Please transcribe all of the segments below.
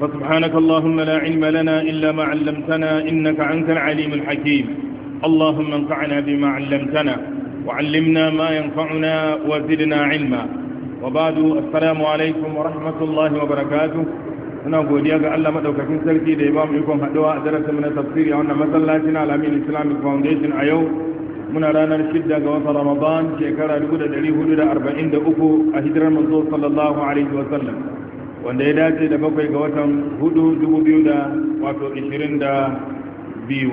فسبحانك اللهم لا علم لنا إلا ما علمتنا إنك أنت العليم الحكيم اللهم انفعنا بما علمتنا وعلمنا ما ينفعنا وزدنا علما وبعد السلام عليكم ورحمة الله وبركاته ina godiya ga Allah madaukakin sarki da ya ba mu ikon haɗuwa a darasin mu na tafsiri a wannan masallacin Al-Amin Islamic Foundation a yau muna ranar shidda ga watan ramadan shekara 1443 a hijirar manzo sallallahu alaihi wasallam wanda ya dace da bakwai ga watan hudu dubu biyu da wato ishirin da biyu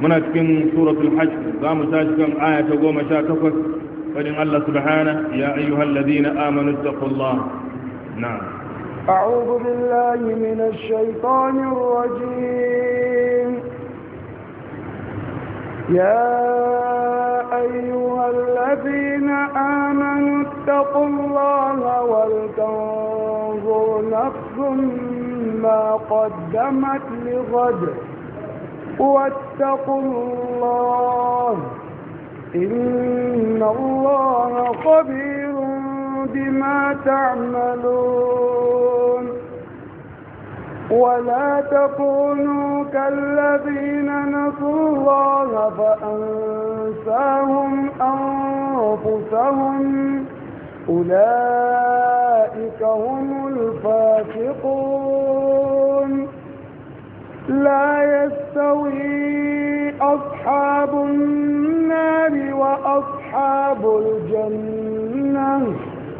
muna cikin suratul hajj za mu tashi aya ta goma sha takwas fadin allah subhana ya ayyuhal ladina amanu taqullah na أعوذ بالله من الشيطان الرجيم يا أيها الذين آمنوا اتقوا الله ولتنظر نفس ما قدمت لغد واتقوا الله إن الله خبير بما تعملون ولا تكونوا كالذين نسوا الله فأنساهم أنفسهم أولئك هم الفاسقون لا يستوي أصحاب النار وأصحاب الجنة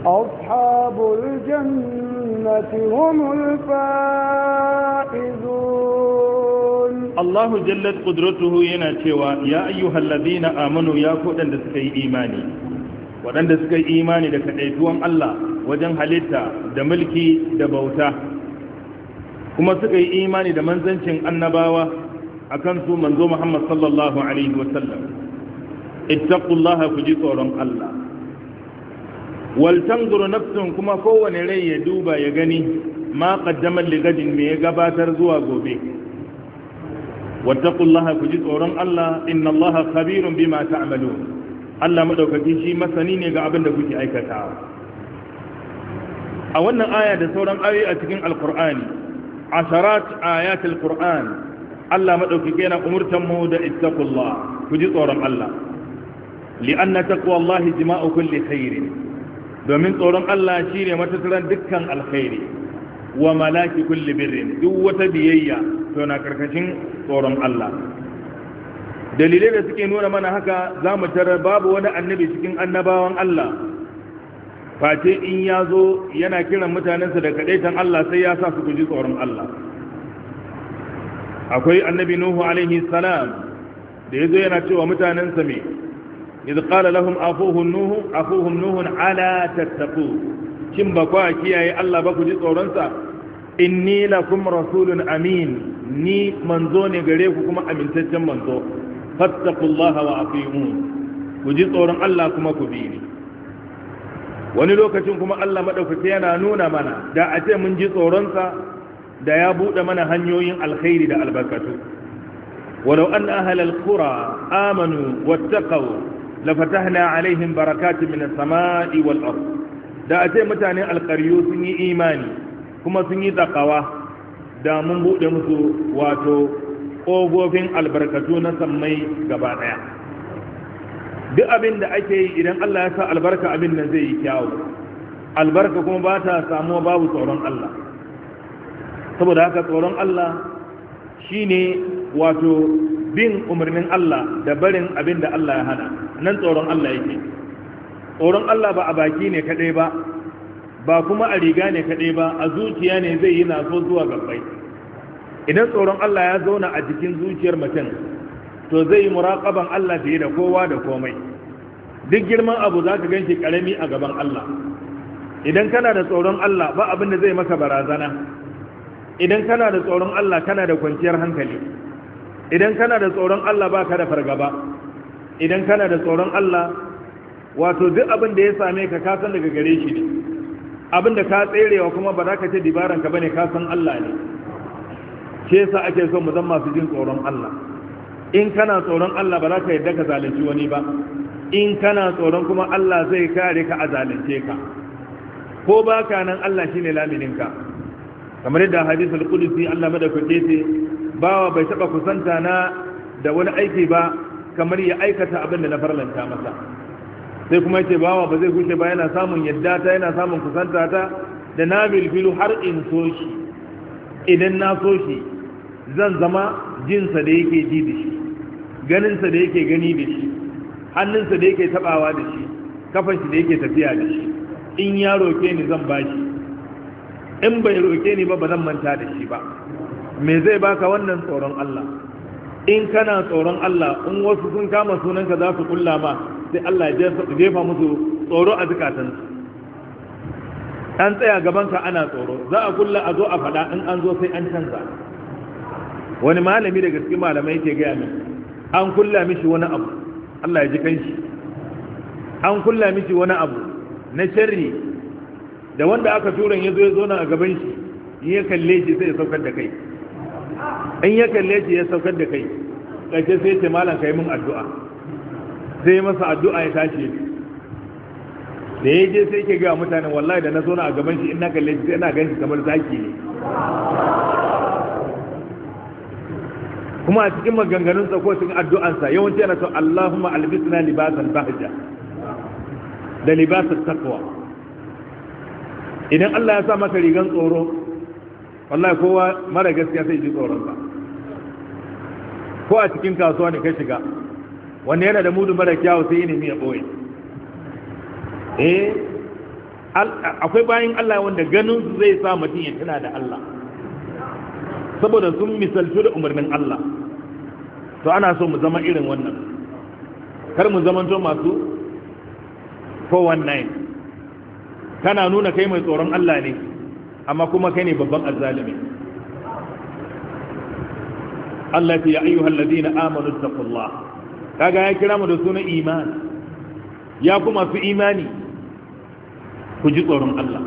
أصحاب الجنة هم الفائزون الله جلت قدرته يناتيوا يا أيها الذين آمنوا يا كودن دسكي إيماني ودن دسكي إيماني دكتئتوان الله وجن حليتا دملكي دبوتا kuma suka yi imani da manzancin annabawa a kansu manzo Muhammad sallallahu Alaihi wasallam, ittaqullaha ku ji tsoron Allah. waltanzuru nafsun kuma kowane rai ya duba ya gani ma qaddamar ligadin me ya gabatar zuwa gobe wattaqullaha ku ji tsoron Allah inna khabirun bima ta'malun Allah madaukaki shi masani ne ga abin da kuke aikata a wannan aya da sauran ayoyi a cikin alqur'ani asharat ayat alqur'an Allah madaukaki yana umurtan mu da ittaqullah ku tsoron Allah li'anna taqwallahi jima'u kulli khairin domin tsoron Allah shi ne matattaran dukkan alkhairi wa malaki kulli birrin duk wata biyayya to na karkashin tsoron Allah dalilai da suke nuna mana haka za mu tarar babu wani annabi cikin annabawan Allah face in ya zo yana kiran mutanensa da kadaitan Allah sai ya sa su guji tsoron Allah akwai annabi Nuhu alaihi salam da ya zo yana cewa mutanensa me idh qala lahum afuhum nuhu afuhum nuhu ala tattaqu kin ba kwa kiyaye Allah ba ku ji tsoron sa inni lakum rasulun amin ni manzo ne gare ku kuma amintaccen manzo fattaqullaha wa atiun ku ji tsoron Allah kuma ku bi ni wani lokacin kuma Allah madaukake yana nuna mana da a ce mun ji tsoronsa da ya buɗe mana hanyoyin alkhairi da albarkatu walau anna ahlal qura amanu wattaqu lafatahna alaihim barakatun min as-sama'i wal ard da a ce mutane sun yi imani kuma sun yi zakawa da mun bude musu wato ƙofofin albarkatu na sammai gaba ɗaya duk abin da ake yi idan Allah ya sa albarka abin nan zai yi kyawu albarka kuma ba ta samuwa babu tsoron Allah saboda haka tsoron Allah shine wato bin umarnin Allah da barin abin da Allah ya hana nan tsoron Allah yake tsoron Allah ba a baki ne kadai ba ba kuma a riga ne kadai ba a zuciya ne zai yi naso zuwa gabbai idan tsoron Allah ya zauna a jikin zuciyar mutum to zai yi muraƙaban Allah fiye da kowa da komai duk girman abu za ka ganshi karami a gaban Allah idan kana da tsoron Allah ba abin da zai maka barazana idan kana da tsoron Allah kana da kwanciyar hankali idan kana da tsoron Allah ba ka da fargaba idan kana da tsoron Allah wato duk abin da ya same ka ka san daga gare shi ne abin da ka tserewa kuma ba za ka ce dibaran ka bane ka san Allah ne shi sa ake so mu zama masu jin tsoron Allah in kana tsoron Allah ba za ka yarda ka zalunci wani ba in kana tsoron kuma Allah zai kare ka a zalunce ka ko ba ka nan Allah shine ne ka kamar yadda hadisul qudsi Allah madaukake ce bawa bai taba kusanta na da wani aiki ba kamar ya aikata abin da na farlanta masa sai kuma yace bawa ba zai gushe ba yana samun yadda ta yana samun kusanta ta da na bilbilu har in so shi idan na so shi zan zama jinsa da yake ji da shi ganinsa da yake gani da shi hannunsa da yake tabawa da shi kafan shi da yake tafiya da shi in ya roke ni zan bashi in bai roke ni ba ba zan manta da shi ba me zai baka wannan tsoron Allah in kana tsoron Allah in wasu sun kama sunanka za su kulla ma sai Allah ya jefa musu tsoro a zukatansu an tsaya gabanka ana tsoro za a kulla a zo a faɗa in an zo sai an canza wani malami daga cikin malamai ke gaya min an kulla mishi wani abu Allah ya ji kanshi an kulla mishi wani abu na sharri da wanda aka turan ya zo ya zo na a gaban shi ya kalle shi sai ya saukar da kai in ya kalle shi ya saukar da kai ƙarshe sai ce malam kai mun addu'a sai masa addu'a ya tashi da ya je sai ke gaya mutane wallahi da na zo na a gaban shi in na kalle shi sai na gan shi kamar zaki ne kuma a cikin maganganun sa ko cikin addu'ansa yawanci yana to Allahumma albisna libasan bahja da libasan taqwa idan Allah ya sa maka rigan tsoro wallahi kowa mara gaskiya sai ji tsoron sa. ko a cikin kasuwa ne ka shiga wanda yana da mudu mara kyawu sai yi nemi ya boye eh akwai bayan Allah wanda ganin su zai sa mutum ya tuna da Allah saboda sun misaltu da umarnin Allah to ana so mu zama irin wannan kar mu zamanto masu 419 kana nuna kai mai tsoron Allah ne amma kuma kai ne babban azzalimi Allah ya ayyuha alladhina amanu taqullah kaga ya kira mu da sunan iman ya kuma su imani ku ji tsoron Allah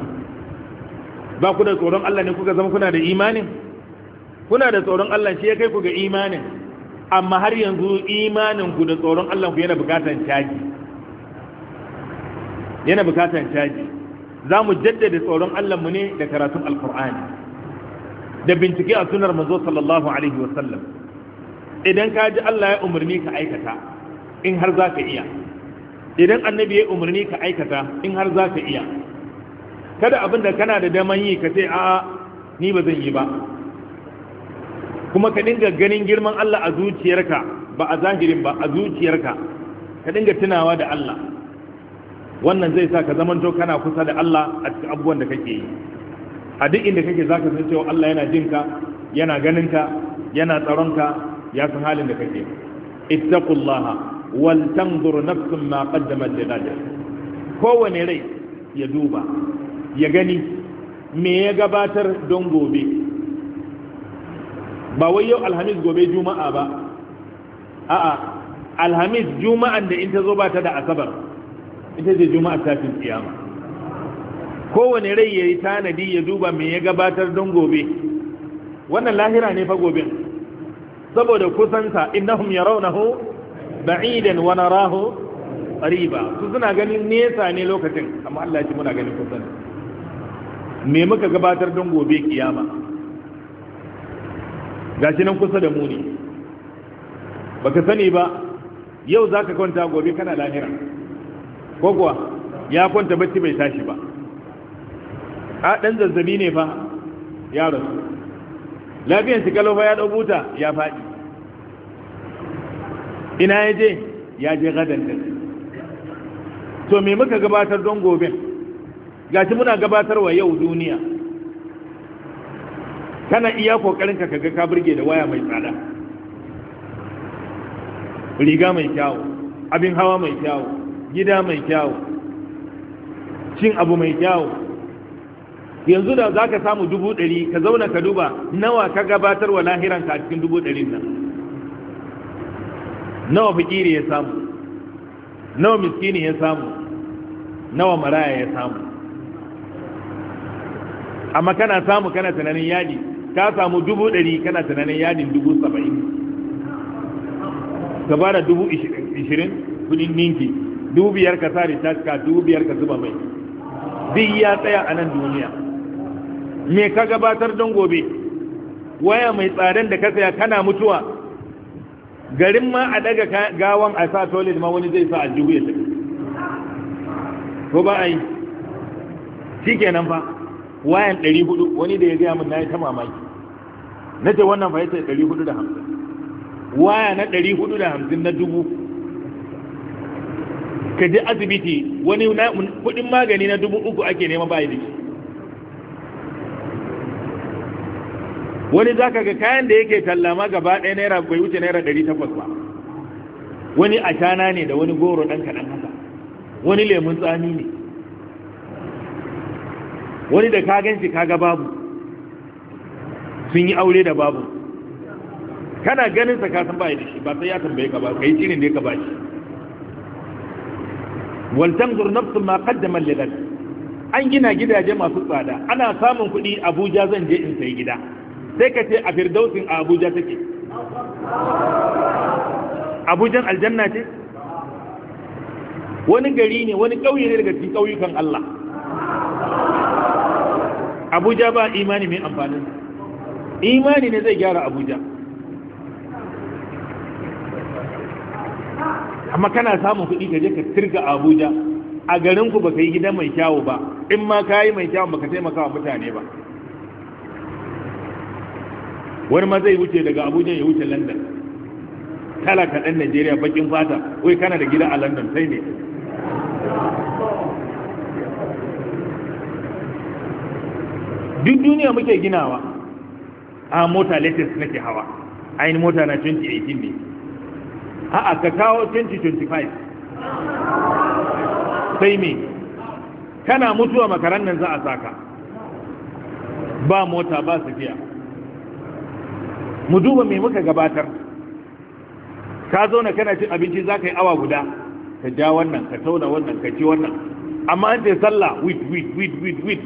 ba ku da tsoron Allah ne kuka zama kuna da imanin kuna da tsoron Allah shi ya kai ku ga imanin amma har yanzu imanin ku da tsoron Allah ku yana bukatar caji yana bukatar caji za mu jaddada tsoron Allah ne da karatun alkur'ani da bincike a sunar manzo sallallahu alaihi wasallam idan ka ji Allah ya umarni ka aikata in har za ka iya idan annabi ya umarni ka aikata in har za ka iya kada abin da kana da daman yi ka ce a ni ba zan yi ba kuma ka dinga ganin girman Allah a zuciyarka ba a zahirin ba a zuciyarka ka dinga tunawa da Allah wannan zai sa ka zamanto kana kusa da Allah a cikin abubuwan da kake yi a duk inda kake ka san cewa Allah yana jin ka yana ganin ka yana tsaron ka ya san halin da kake ittaqullaha wal tanzur nafsun ma qaddamat li ghad kowane rai ya duba ya gani me ya gabatar don gobe ba wai yau alhamis gobe juma'a ba a'a alhamis juma'an da in ta zo ba ta da asabar ita ce juma'a tashin kiyama kowane rai ya yi tanadi ya duba me ya gabatar don gobe wannan lahira ne fa gobe saboda kusansa innahum yarawnahu ba'idan wa narahu qariba su suna ganin nesa ne lokacin amma Allah ya muna ganin kusan me muka gabatar don gobe kiyama gashi nan kusa da mu ne baka sani ba yau zaka kwanta gobe kana lahira ko kuwa ya kwanta bacci bai tashi ba a dan zazzabi ne fa ya rasu lafiyar shi ya dau buta ya faɗi ina ya je ya je gadan da to me muka gabatar don gobe gashi muna gabatar wa yau duniya kana iya kokarin ka kaga ka burge da waya mai tsada riga mai kyawu abin hawa mai kyawu gida mai kyawu cin abu mai kyawu yanzu da za ka samu dubu ɗari ka zauna ka duba nawa ka gabatar wa lahiranka a cikin dubu ɗarin nan nawa fikiri ya samu nawa miskini ya samu nawa maraya ya samu amma kana samu kana tunanin yadi ka samu dubu ɗari kana tunanin yadin dubu saba'in ka ba da dubu ishirin kudin ninki dubiyar ka sa ritaska dubiyar ka zuba mai duk ya tsaya a nan duniya me ka gabatar don gobe waya mai tsadan da ka saya kana mutuwa garin ma a daga gawan a sa toilet ma wani zai sa a aljihu ya tafi ko ba a yi shi kenan fa wayan 400 wani da ya gaya min na yi ta mamaki na ce wannan fa ya ce 450 waya na 450 na dubu ka je asibiti wani kudin magani na dubu uku ake nema ba yi wani za ka ga kayan da yake tallama gaba ɗaya naira bai wuce naira ɗari takwas ba wani ashana ne da wani goro ɗan kaɗan haka wani lemun tsami ne wani da ka gan shi kaga babu sun yi aure da babu kana ganin sa ka san ba da shi ba sai ya tambaye ka ba kai shirin da ya ka ba shi wal tanzur nafsun ma qaddama lidal an gina gidaje masu tsada ana samun kuɗi Abuja zan je in sayi gida sai ka ce a firdausin a Abuja take Abujan aljanna ce wani gari ne wani ƙauye ne daga cikin ƙauyukan Allah Abuja ba imani mai amfanin imani ne zai gyara Abuja amma kana samun kuɗi ka je ka tirga abuja a garin ku baka yi gida mai kyawu ba in ma ka yi mai kyawu baka taimaka wa mutane ba wani ma zai wuce daga abuja ya wuce london talaka ɗan najeriya bakin fata wai kana da gida a london sai ne duk duniya muke ginawa a mota latest nake hawa ainihin mota na 2018 ne a'a ka kawo 2025 sai me kana mutuwa makaran nan za a saka ba mota ba safiya. mu duba me muka gabatar ka zauna kana cin abinci za ka yi awa guda ka ja wannan ka tauna wannan ka ci wannan amma an ce sallah wit wit wit wit wit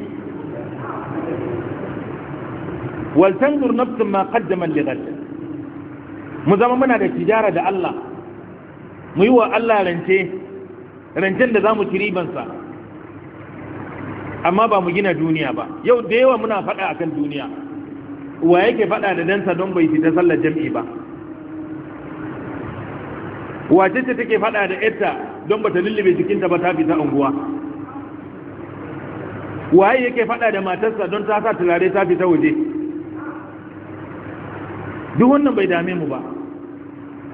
wal tanzur nafsun ma qaddama li ghad mu zama muna da tijara da Allah mu yi wa Allah rance rancen da za mu ci ribansa amma ba mu gina duniya ba yau da yawa muna faɗa akan duniya wa yake faɗa da dansa don bai fita sallar jam'i ba wace ce take faɗa da yarta don ba ta lullube jikinta ba ta fita unguwa waye yake faɗa da matarsa don ta sa turare ta fita waje duk wannan bai dame mu ba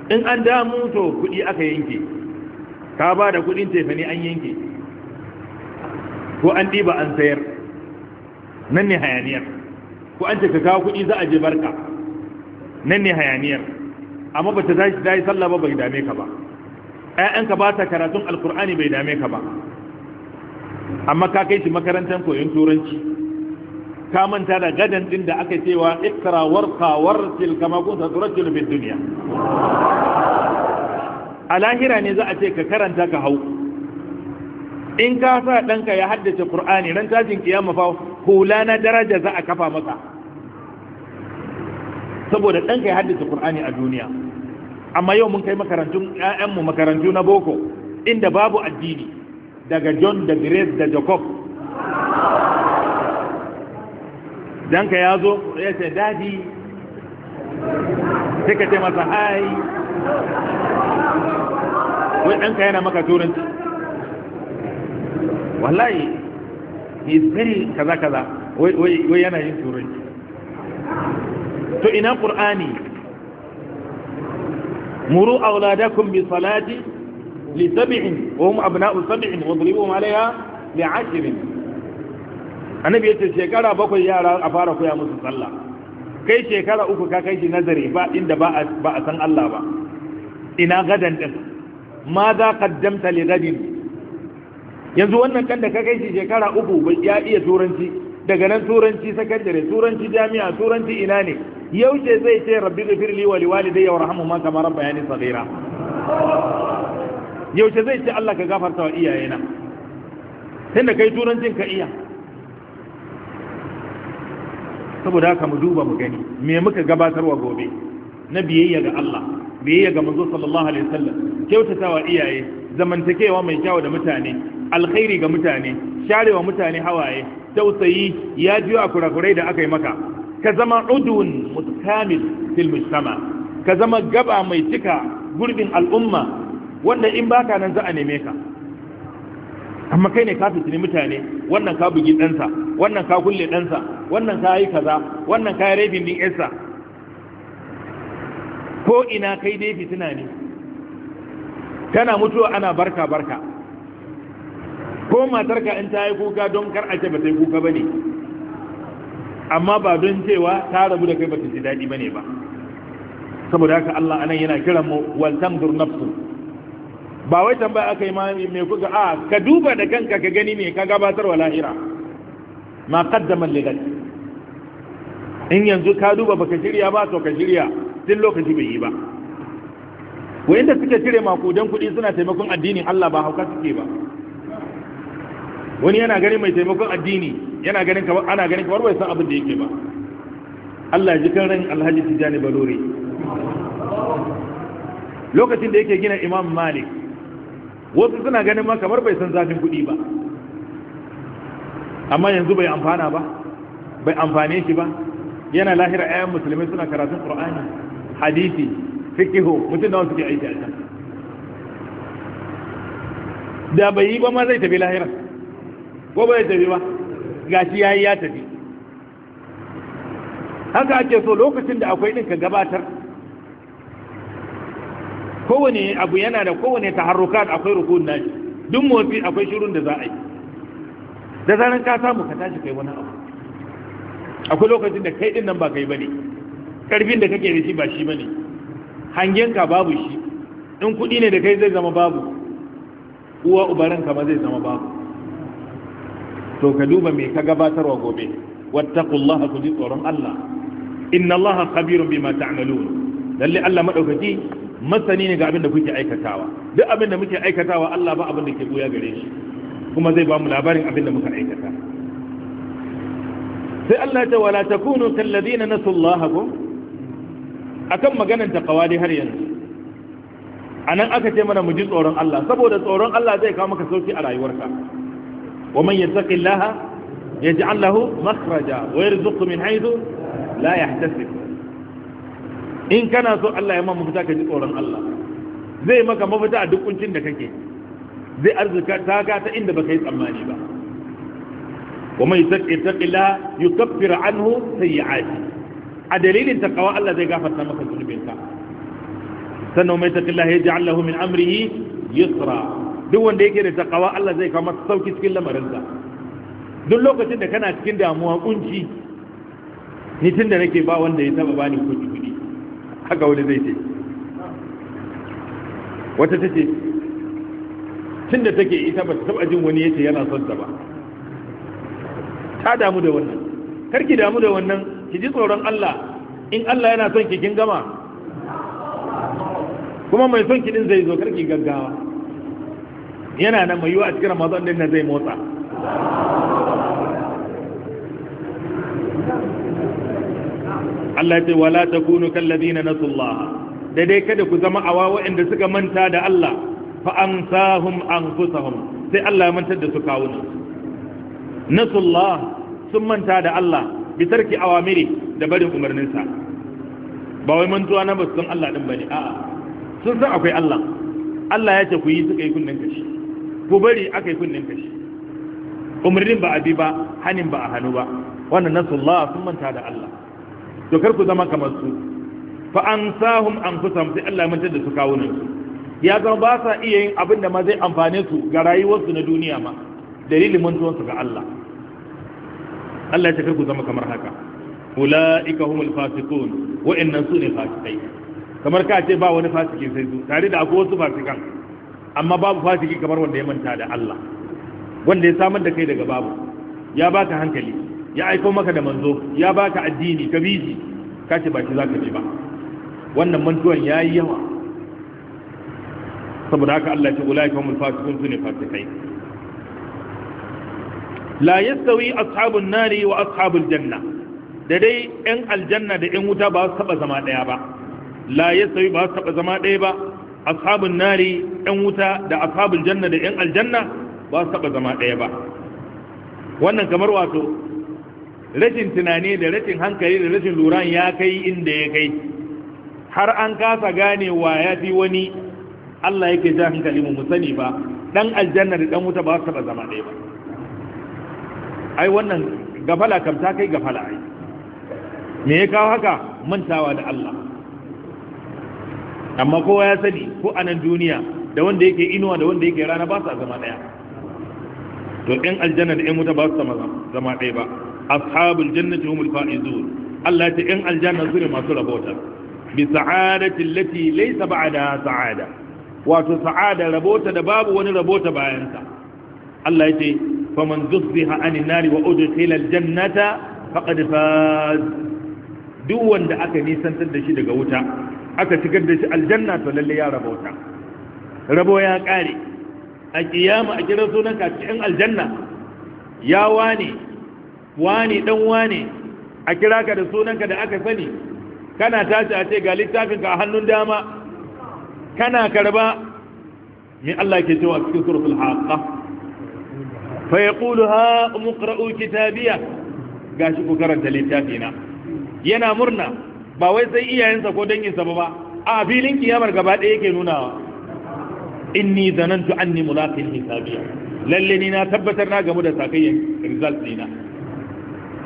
in an damu to kuɗi aka yanke ka ba da kuɗin ne an yanke ko an ɗiba an sayar nan ne hayaniyar ko an ce ka kawo kuɗi za a je barka nan ne hayaniyar amma ba ta zai ta yi sallah ba bai dame ka ba ƴaƴanka ba ta karatun alkur'ani bai dame ka ba amma ka kai shi makarantar koyon turanci ka manta da gadan din da aka cewa ikra warqa wartil kama kunta turajjilu bid dunya a lahira ne za a ce ka karanta ka hau in ka sa ɗanka ya haddace Kur'ani ran tashin kiyama fa hula na daraja za a kafa masa saboda ɗanka ya haddace Kur'ani a duniya amma yau mun kai makarantun ƴaƴanmu makarantu na boko inda babu addini daga John da Grace da Jacob dan ya zo ya ce daji sai ka ce masa hai wai ɗanka yana maka turanci wallahi is very kaza kaza wai yana yin turanci to ina ƙur'ani muru auladakum bi salati li sab'in wa hum abna'u sab'in wa dribuhum 'alayha li 'ashrin annabi yace shekara bakwai yara a fara koya musu sallah kai shekara uku ka kai shi nazari ba inda ba a ba a san Allah ba ina gadan din ma za qaddamta li gadin yanzu wannan kan da ka kai shi shekara uku ya iya turanci daga nan turanci sakandare turanci jami'a turanci ina ne yaushe zai ce rabbi ghafirli wa liwalidayya warhamhuma kama rabbayani saghira yaushe zai ce Allah ka gafarta wa iyayena tunda kai turancin ka iya saboda haka mu duba mu gani me muka gabatarwa gobe na biyayya ga Allah biyayya ga manzo sallallahu alaihi wasallam kyautatawa iyaye zamantakewa mai kyau da mutane alkhairi ga mutane sharewa mutane hawaye tausayi ya jiyo a kurakurai da aka yi maka ka zama udun mutakamil fil mujtama ka zama gaba mai cika gurbin al'umma wanda in baka nan za a neme ka amma kai ne ka fitini mutane wannan ka bugi ɗansa wannan ka kulle ɗansa wannan ka yi kaza wannan ka yi rabin din yarsa ko ina kai dai fitina ne kana mutuwa ana barka barka ko matarka in ta yi kuka don kar a ce ba ta yi kuka ba ne amma ba don cewa ta rabu da kai ba ta ji daɗi ba ne ba saboda haka Allah anan yana kiran mu wal tamdur nafsu ba wai tambaya aka yi ma me kuka a ka duba da kanka ka gani ne ka gabatar wa lahira ma qaddama li ghad in yanzu ka duba baka shirya ba to ka shirya din lokaci bai yi ba wayanda suke cire makudan kuɗi suna taimakon addinin Allah ba hauka suke ba wani yana gani mai taimakon addini yana ganin kamar ana ganin kamar bai san abin da yake ba Allah ya ji kan ran Alhaji Tijani Balori lokacin da yake gina Imam Malik wasu suna ganin ma kamar bai san zafin kuɗi ba amma yanzu bai amfana ba bai amfane shi ba yana lahira ayan musulmai suna karatun qur'ani hadisi fikihu mutum da suke aiki a can da bai yi ba ma zai tafi lahira ko bai tafi ba gashi yayi ya tafi haka ake so lokacin da akwai ɗin ka gabatar kowane abu yana da kowane taharrukat akwai rukun nashi duk motsi akwai shirin da za a yi da zaran ka samu ka tashi kai wani abu akwai lokacin da kai din nan ba kai bane karfin da kake da shi ba shi bane hangen ka babu shi in kuɗi ne da kai zai zama babu uwa ubaran kama zai zama babu to ka duba me ka gabatarwa gobe wattaqullaha ku ji tsoron Allah inna Allah khabirun bima ta'malun lalle Allah madaukaki masani ne ga abin da kuke aikatawa duk abin da muke aikatawa Allah ba abin da ke goya gare shi kuma zai ba mu labarin abin da muka aikata sai Allah ta wala takunu kallazina nasullaha ko akan maganar ta dai har yanzu anan aka ce mana mu ji tsoron Allah saboda tsoron Allah zai kawo maka sauki a rayuwarka wa man yattaqillaha yaj'al lahu makhraja wa yarzuqhu min haythu la yahtasib in kana so Allah ya ma fita ka ji tsoron Allah zai maka mafita a duk kuncin da kake zai arzuka ta ga ta inda baka yi tsammani ba ومن يتق يتق الله يكفر عنه سيئاته أدليل تقوى الله زي غافر نمك ذنوبك سنة ومن يتق الله يجعل له من أمره يسرا duk wanda yake da takawa Allah zai kama sauki cikin lamarinsa duk lokacin da kana cikin damuwa kunci ni tun da nake ba wanda ya taba bani kuɗi kuɗi haka wani zai ce wata ta ce tun da take ita ba ta taba jin wani yace yana son ta ba ka damu da wannan karki damu da wannan ki ji tsoron Allah in Allah yana son ki kin gama kuma mai son ki din zai zo karki gaggawa yana nan mai yiwa a cikin Ramadan din na zai motsa Allah ya ce wala takunu kallazina nasullaha dai kada ku zama awa waɗanda suka manta da Allah fa ansahum anfusahum sai Allah ya mantar da su kawunan nasullaha sun manta da Allah tarki awamiri da barin umarninsa ba wai mantuwa na basu san Allah din bane a'a sun san akwai Allah Allah ya ce ku yi suka yi kunnen kashi ku bari aka yi kunnen kashi umarnin ba a bi ba hanin ba a hannu ba wannan nasullah sun manta da Allah to kar ku zama kamar su fa ansahum kusam sai Allah ya manta da su kawunan su ya zama ba sa iya yin abin da ma zai amfane su ga rayuwarsu na duniya ma dalilin su ga Allah Allah ya ce ku zama kamar haka ulaika humul fasiqun wa'annan su ne fasikai kamar ka ce ba wani fasiki sai su tare da akwai wasu fasikan amma babu fasiki kamar wanda ya manta da Allah wanda ya samar da kai daga babu ya baka hankali ya aiko maka da manzo ya baka addini ka biji ka ce ba shi zaka bi ba wannan mantuwan yayi yawa saboda haka Allah ya ce ulaika humul fasiqun su ne fasikai la yastawi ashabun nari wa ashabul janna da dai yan aljanna da yan wuta ba su taba zama daya ba la yastawi ba su taba zama daya ba ashabun nari yan wuta da ashabul janna da yan aljanna ba su taba zama daya ba wannan kamar wato rashin tunani da rashin hankali da rashin lura ya kai inda ya kai har an kasa gane wa ya fi wani Allah yake ja hankali mu sani ba dan aljanna da dan wuta ba su taba zama ɗaya ba ai wannan gafala kam ta kai gafala ai me ya kawo haka mantawa da Allah amma kowa ya sani ko a nan duniya da wanda yake inuwa da wanda yake rana ba su zama daya to ɗan aljanna da ɗan wuta ba su zama ɗaya ba ashabul jannati humul faizun Allah ta ɗan aljanna su ne masu rabota bi sa'adati lati laysa ba'da sa'ada wato sa'ada rabota da babu wani rabota bayan ta Allah ya ce faman zuzziha anin nari wa udkhila aljannata faqad faz duk wanda aka nisantar da shi daga wuta aka shigar da shi aljanna to lalle ya rabo wuta rabo ya kare a kiyama a kiran sunan ka cikin aljanna ya wane wane dan wane a kira ka da sunanka da aka sani kana tashi a ce ga littafin ka a hannun dama kana karba me Allah ke cewa cikin suratul haqqa fa yaqulu ha umqra'u kitabiya shi ku karanta littafi na yana murna ba wai sai iyayensa ko danginsa ba ba a filin kiyamar gaba ɗaya yake nunawa inni zanantu anni mulaqin hisabiya lalle ni na tabbatar na gamu da sakayyan result dina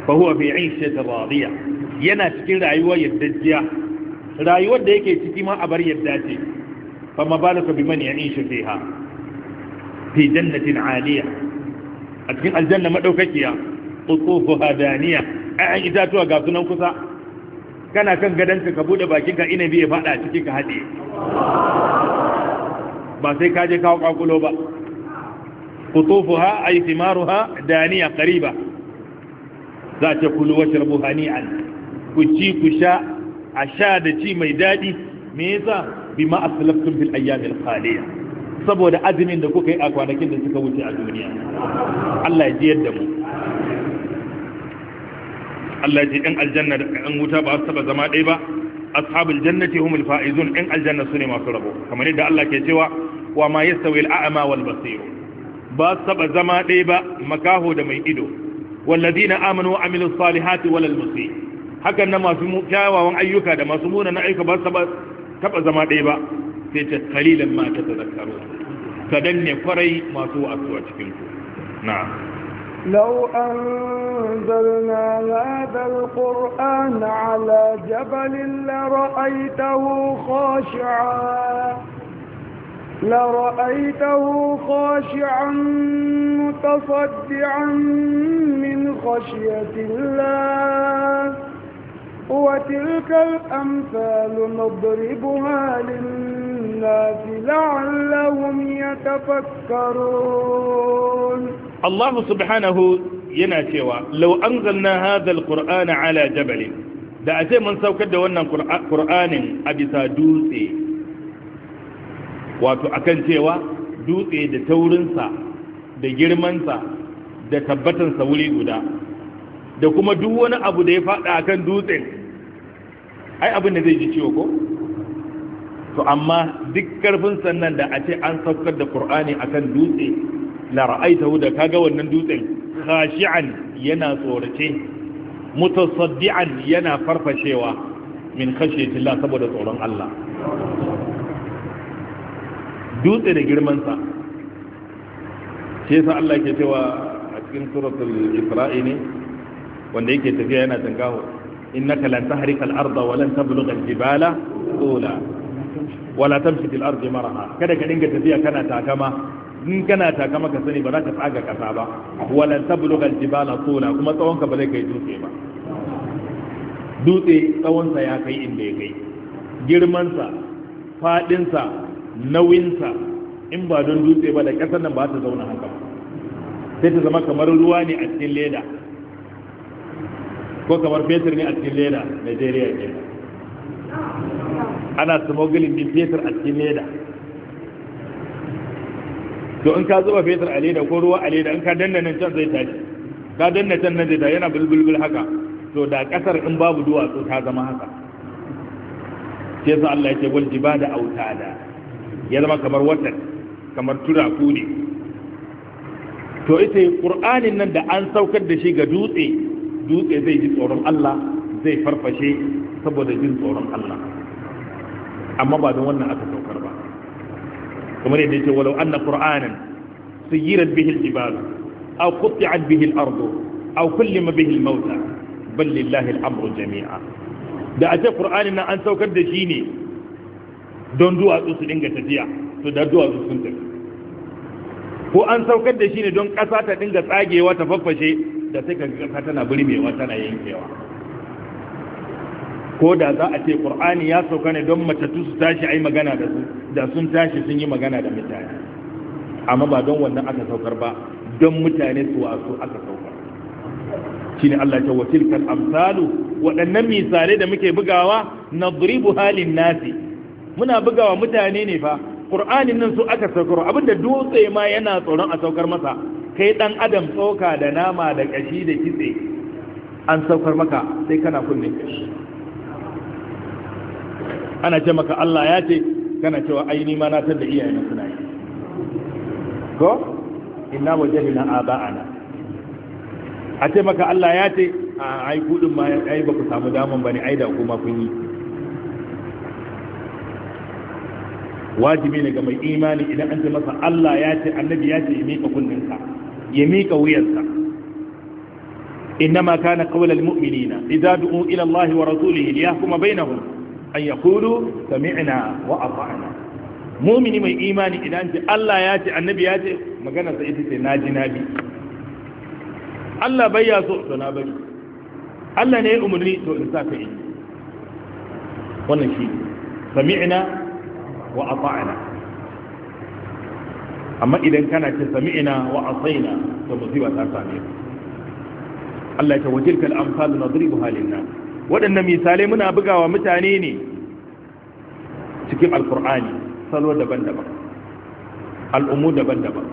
fa huwa fi ta radiya yana cikin rayuwar yaddajjiya rayuwar da yake ciki ma a bar yadda ce fa mabalaka biman ya'ishu fiha fi jannatin 'aliyah a cikin aljanna madaukakiya qutufu hadaniya ayan itatuwa ga sunan kusa kana kan gadanka ka buɗe bakin ka inabi ya faɗa ciki ka hade ba sai ka je kawo kakulo ba qutufuha ay thimaruha daniya ƙariba. za ta kulu wa shirbu hani'an ku ci ku sha a sha da ci mai daɗi me yasa bima aslaftum fil ayyamil khaliya saboda azumin da kuka yi a kwanakin da suka wuce a duniya Allah ya jiyar da mu Allah ya ji ɗan aljanna da ɗan wuta ba su taɓa zama ɗaya ba ashabul jannati humul faizun ɗan aljanna su ne masu rabo kamar yadda Allah ke cewa wa ma yastawi al'ama wal basir ba su taɓa zama ɗaya ba makaho da mai ido wallazina amanu wa amilus salihati wal musi hakan na masu kyawawan ayyuka da masu munanan ayyuka ba su taɓa zama ɗaya ba sai ta kalilan ma ta tazakkaru ما ne kwarai masu wa'azu a cikin ku لو أنزلنا هذا القرآن على جبل لرأيته خاشعا لرأيته خاشعا متصدعا من خشية الله وتلك الأمثال نضربها للناس لعلهم يتفكرون الله سبحانه yana لو أنزلنا هذا القرآن على جبل da a ce mun saukar da wannan ƙur'anin a bisa dutse wato akan cewa dutse da taurinsa da girmansa da tabbatansa wuri guda da kuma duk wani abu da ya faɗa akan dutsen ai abin da zai ji ciwo ko to amma duk karfin sannan da a ce an saukar da qur'ani akan dutse la ra'aitahu da kaga wannan dutsen khashi'an yana tsorace mutasaddian yana farfashewa min khashiyati Allah saboda tsoron Allah dutse da girman sa sai yasa Allah ke cewa a cikin suratul isra'i ne wanda yake tafiya yana tangaho إنك لن تهرك الأرض ولن تبلغ الجبال طولا ولا تمشي في الأرض مرها كذا كدنك تبيع كان تاكما إن كان تاكما كسني بذاك تعاقى كتابا ولن تبلغ الجبال طولا كما تونك بذلك يدوسي ما دوسي تونسا يا كي إن بيكي girmansa faɗinsa nauyinsa in ba don dutse ba da ƙasar nan ba ta zauna haka sai ta zama kamar ruwa ne a cikin leda ko kamar fetur ne a cikin leda nigeria ke ana smuggling din fetur a cikin leda to in ka zuba fetur a leda ko ruwa a leda in ka danna nan can zai tashi ka danna can nan zai tashi yana bulbulbul haka to da kasar in babu duwatsu ta zama haka sai sa Allah yake wal jibada autada ya zama kamar watan kamar tura ne to ita qur'anin nan da an saukar da shi ga dutse dutse zai ji tsoron Allah zai farfashe saboda jin tsoron Allah amma ba don wannan aka saukar ba kamar yadda yake walau anna qur'anan suyirat bihi al-jibal aw qutti'at bihi al-ard aw kullima bihi al-mauta bal lillahi al-amru jami'a da aje qur'anin nan an saukar da shi ne don duwatsu su dinga tafiya to da duwatsu sun tafi ko an saukar da shi ne don ƙasa ta dinga tsagewa ta faffashe da sai ka ga tana burmewa tana yankewa ko da za a ce qur'ani ya sauka ne don matattu su tashi ai magana da su da sun tashi sun yi magana da mutane amma ba don wannan aka saukar ba don mutane su wasu aka saukar ne Allah ta ce kan amsalu waɗannan misalai da muke bugawa nadribu halin nasi muna bugawa mutane ne fa qur'anin nan su aka saukar abinda dutse ma yana tsoron a saukar masa kai dan adam tsoka da nama da kashi da kitse an saukar maka sai kana kunne ana ce maka Allah ya ce kana cewa aini ma na tar da iyayen suna yi ko inna wajhina aba'ana a ce maka Allah ya ce a ai kudin ma ai ba ku samu daman bane ai da kuma kun yi wajibi ne ga mai imani idan an ce masa Allah ya ce annabi ya ce mika kunninka ya miƙa wuyarsa inna ma kana qawlal mu'minina idza du'u ila Allah wa rasulihi liyahkuma bainahum an yaqulu sami'na wa ata'na mu'mini mai imani idan Allah ya ce annabi ya ce magana sa ita ce naji nabi Allah bai ya so to na bari Allah ne umurni to in saka yi wannan shi sami'na wa ata'na amma idan kana ce sami'ina wa asaina to musiba ta same ka Allah ya tawajjal kal amsal nadribu halinna waɗannan misalai muna bugawa mutane ne cikin alqur'ani salo daban-daban al'ummu daban-daban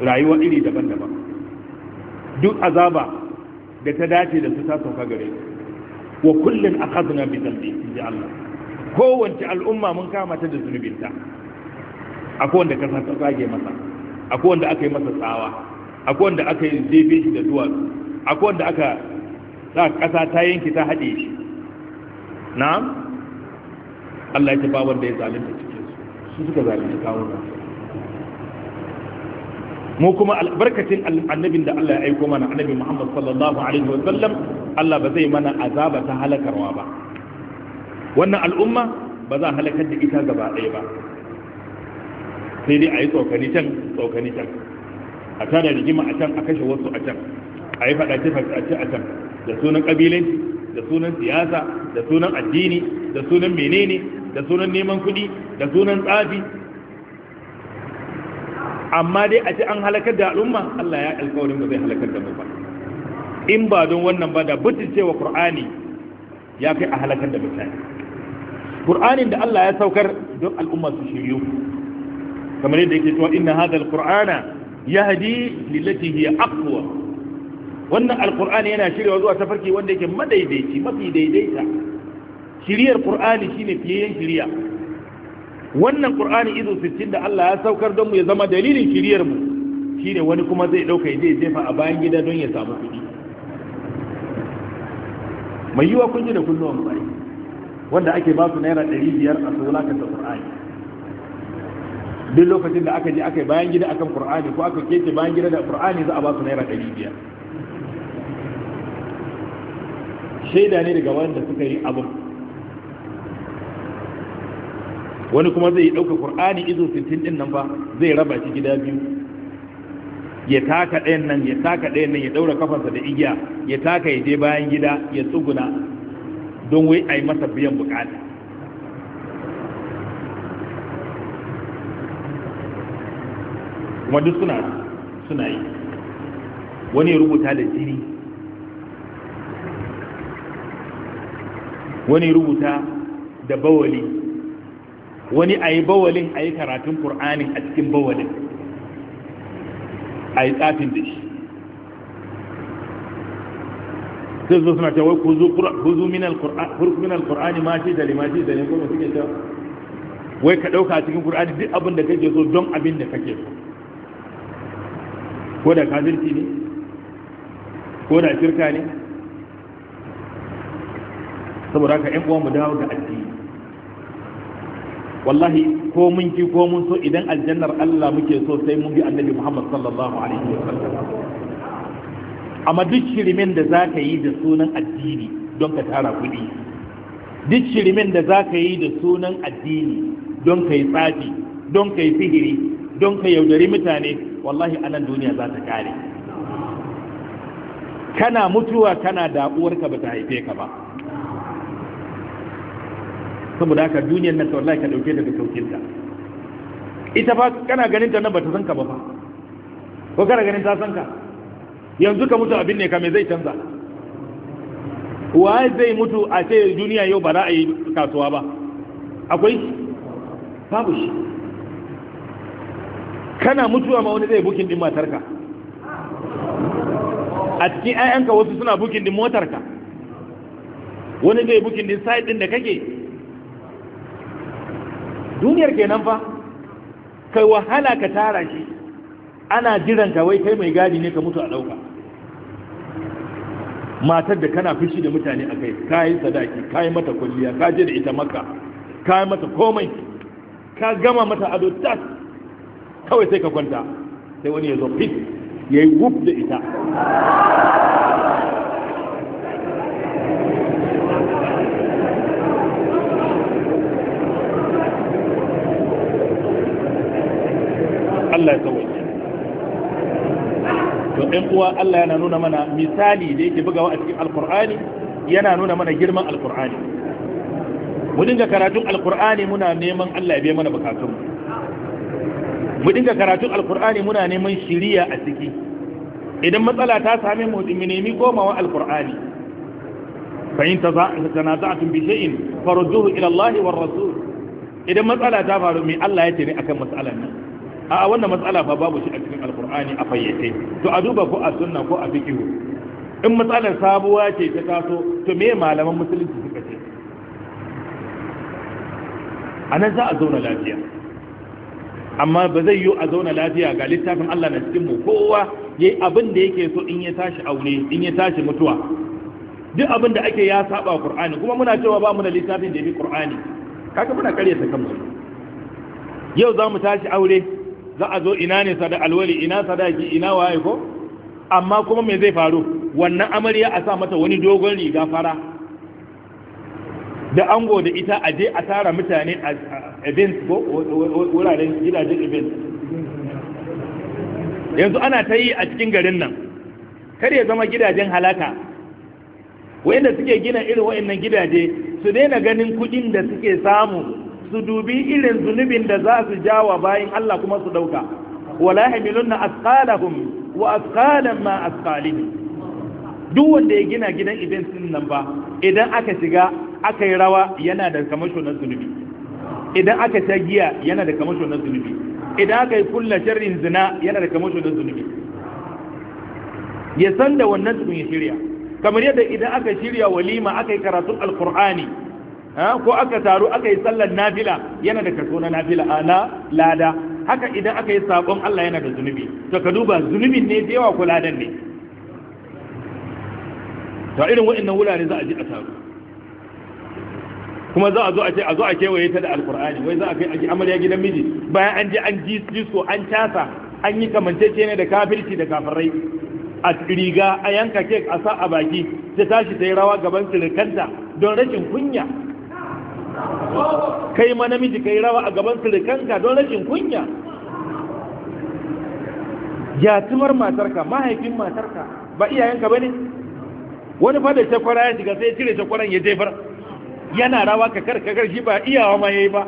rayuwa iri daban-daban duk azaba da ta dace da su ta sauka gare wa kullun akhadna bi dhanbi inji Allah kowace al'umma mun kama ta da zunubinta akwai wanda kasa ta tsage masa akwai wanda aka yi masa tsawa akwai wanda aka yi jefe shi da duwatsu akwai wanda aka sa kasa ta yanki ta haɗe shi na Allah ya ce ba wanda ya zalunta cikin su suka zalunta kawo na mu kuma albarkacin annabin da Allah ya aiko mana annabi Muhammad sallallahu alaihi wa sallam Allah ba zai mana azaba ta halakarwa ba wannan al'umma ba za halakar da ita gaba ɗaya ba sai dai a yi tsokani can tsokani can a tada rigima a can a kashe wasu a can a yi faɗace faɗace a can da sunan ƙabilanci da sunan siyasa da sunan addini da sunan menene da sunan neman kuɗi da sunan tsafi amma dai a ce an halakar da al'umma Allah ya alkawarin ba zai halakar da mu ba in ba don wannan ba da butulcewa Qur'ani ya kai a halakar da mutane Qur'anin da Allah ya saukar don al'umma su shiryu kamar yadda yake cewa inna hadha alqur'ana yahdi lillati hiya aqwa wannan alqur'ani yana shirya zuwa tafarki wanda yake madaidaici mafi daidaita shiriyar qur'ani shine fiyeyen shiriya wannan qur'ani izo 60 da Allah ya saukar don mu ya zama dalilin shiriyar mu shine wani kuma zai dauka zai jefa a bayan gida don ya samu kuɗi mai yiwa kun ji da kunnuwan bai wanda ake ba su naira 500 a su wulakanta qur'ani duk lokacin da aka je aka yi bayan gida akan qur'ani ko aka kece bayan gida da qur'ani za a ba su naira ɗari biyar shaida ne daga wanda suka yi abin wani kuma zai ɗauka qur'ani izo sintin din nan ba zai raba shi gida biyu ya taka ɗayan nan ya taka ɗayan nan ya ɗaura kafansa da igiya ya taka ya je bayan gida ya tsuguna don wai a yi masa biyan bukata kuma duk suna suna yi wani rubuta da jini wani rubuta da bawali wani a yi bawalin a yi karatun ƙur'anin a cikin bawalin a yi tsafin da shi sai zo suna cewa ku zo min alkur'ani ma ce dare ma ce dare kuma suke cewa wai ka ɗauka cikin kur'ani duk abin da kake so don abin da kake so ko da kafirci ne ko da shirka ne saboda haka ƴan uwan mu dawo ga addini wallahi ko mun ki ko mun so idan aljannar Allah muke so sai mun bi annabi Muhammad sallallahu alaihi wa sallam amma duk shirimin da zaka yi da sunan addini don ka tara kuɗi duk shirimin da zaka yi da sunan addini don ka yi tsafi don ka yi sihiri don ka yaudari mutane wallahi a nan duniya za ta kare kana mutuwa kana da ba ta haife ka ba saboda haka duniyar nan wallahi ka dauke da saukin ta ita fa kana ganin ta nan ba ta san ka ba fa ko kana ganin ta san ka yanzu ka mutu abin ne ka me zai canza wa zai mutu a ce duniya yau ba za a yi kasuwa ba akwai babu shi kana mutuwa ma wani zai bukin din matarka a cikin ayyanka wasu suna bukin din motarka wani zai bukin din site din da kake duniyar kenan fa kai wahala ka tara shi ana jiran wai kai mai gadi ne ka mutu a dauka matar da kana fushi da mutane a kai kayi sadaki kayi mata kulliya ka je da ita makka kayi mata komai ka gama mata ado tas kawai sai ka kwanta sai wani ya zo fit ya yi wuf da ita Allah ya kawai to ɗan uwa Allah yana nuna mana misali da yake bugawa a cikin alkur'ani yana nuna mana girman alkur'ani mu dinga karatun alkur'ani muna neman Allah ya biya mana bukatunmu mu dinga karatun alkur'ani muna neman shiriya a ciki idan matsala ta same mu mu nemi komawa alkur'ani fa in tanaza'tum bi shay'in farudduhu ila ilallahi wa rasul idan matsala ta faru me Allah ya tare akan matsalan nan a wannan matsala fa babu shi a cikin alkur'ani a fayyace to a duba ko a sunna ko a fiqh in matsalar sabuwa ce ta taso to me malaman musulunci suka ce a nan za a zauna lafiya amma ba zai yi a zauna lafiya ga littafin Allah na cikin mu kowa yi abin da yake so in ya tashi aure in ya tashi mutuwa duk abin da ake ya saba Qur'ani kuma muna cewa ba mu da littafin da yafi Qur'ani kaka muna karyata kanmu yau za mu tashi aure za a zo ina ne sada alwali ina sadaki ina waye ko amma kuma me zai faru wannan amarya a sa mata wani dogon riga fara da ango da ita a je a tara mutane event ko wuraren gidajen event yanzu ana ta yi a cikin garin nan kar ya zama gidajen halaka wayanda suke gina irin wa'annan gidaje su daina ganin kudin da suke samu su dubi irin zunubin da za su jawa bayan Allah kuma su dauka wala hamilunna asqalahum wa asqalan ma asqalihim duk wanda ya gina gidan events din nan ba idan aka shiga aka yi rawa yana da kamasho na zunubi idan aka sha giya yana da kamar na zunubi idan aka yi kulla sharrin zina yana da kamar na zunubi ya san da wannan tukun ya shirya kamar yadda idan aka shirya walima aka yi karatun alkur'ani ko aka taru aka yi sallar nafila yana da kaso na nafila ana lada haka idan aka yi sabon Allah yana da zunubi to ka duba zunubin ne da yawa ko ladan ne to irin waɗannan wurare za a ji a taru kuma za a zo a ce a zo a kewaye ta da alkur'ani wai za a kai a amarya gidan miji bayan an je an ji disko an casa an yi kamantacce ne da kafirci da kafirai a riga a yanka kek a sa a baki ta tashi ta yi rawa gaban sirikanta don rashin kunya kai ma namiji kai rawa a gaban sirikanta don rashin kunya tumar matarka mahaifin matarka ba iyayenka ba ne wani fada shakwara ya shiga sai cire shakwaran ya jefar yana rawa ka karkakar shi ba iyawa ma ya yi ba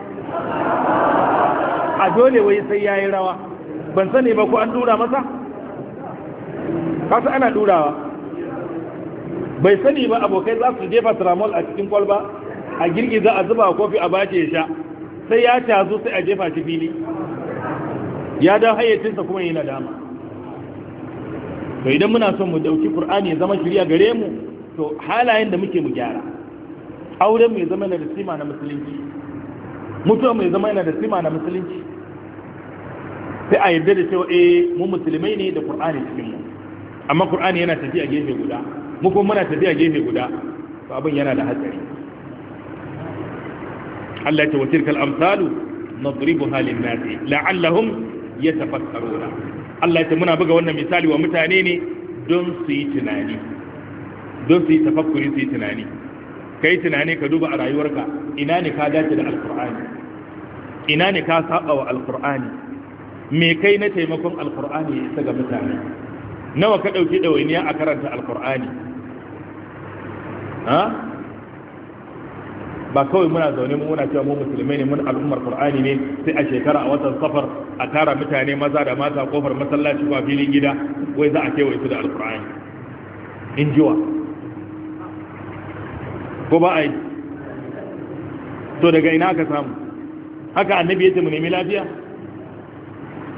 a dole wai sai ya yi rawa ban sani ba ko an dura masa kasu ana durawa bai sani ba abokai za su jefa tramol a cikin kwalba a girgiza a zuba kofi a bace ya sha sai ya tazo sai a jefa shi fili ya dan hayyacinsa kuma yana dama to idan muna son mu dauki Kur'ani ya zama shirya gare mu to halayen da muke mu gyara auren mai zama yana da sima na musulunci mutuwa mai zama yana da sima na musulunci sai a yarda da cewa eh mu musulmai ne da qur'ani cikin mu amma qur'ani yana tafiya gefe guda mu kuma muna tafiya gefe guda to abin yana da hatsari Allah ta wasir kal amsalu nadribuha lin nasi la'allahum yatafakkaruna Allah ta muna buga wannan misali wa mutane ne don su yi tunani don su yi tafakkuri su yi tunani kai tunani ka duba a rayuwarka ina ne ka dace da alkur'ani ina ne ka saba wa alkur'ani me kai na taimakon alkur'ani ya isa ga mutane nawa ka ɗauki ɗawainiya a karanta alkur'ani ha ba kawai muna zaune mu muna cewa mu musulmai ne mun al'ummar qur'ani ne sai a shekara a watan safar a tara mutane maza da mata kofar masallaci ko filin gida wai za a kewaye su da alqur'ani in ko ba a yi to daga ina aka samu haka annabi ya ce mu nemi lafiya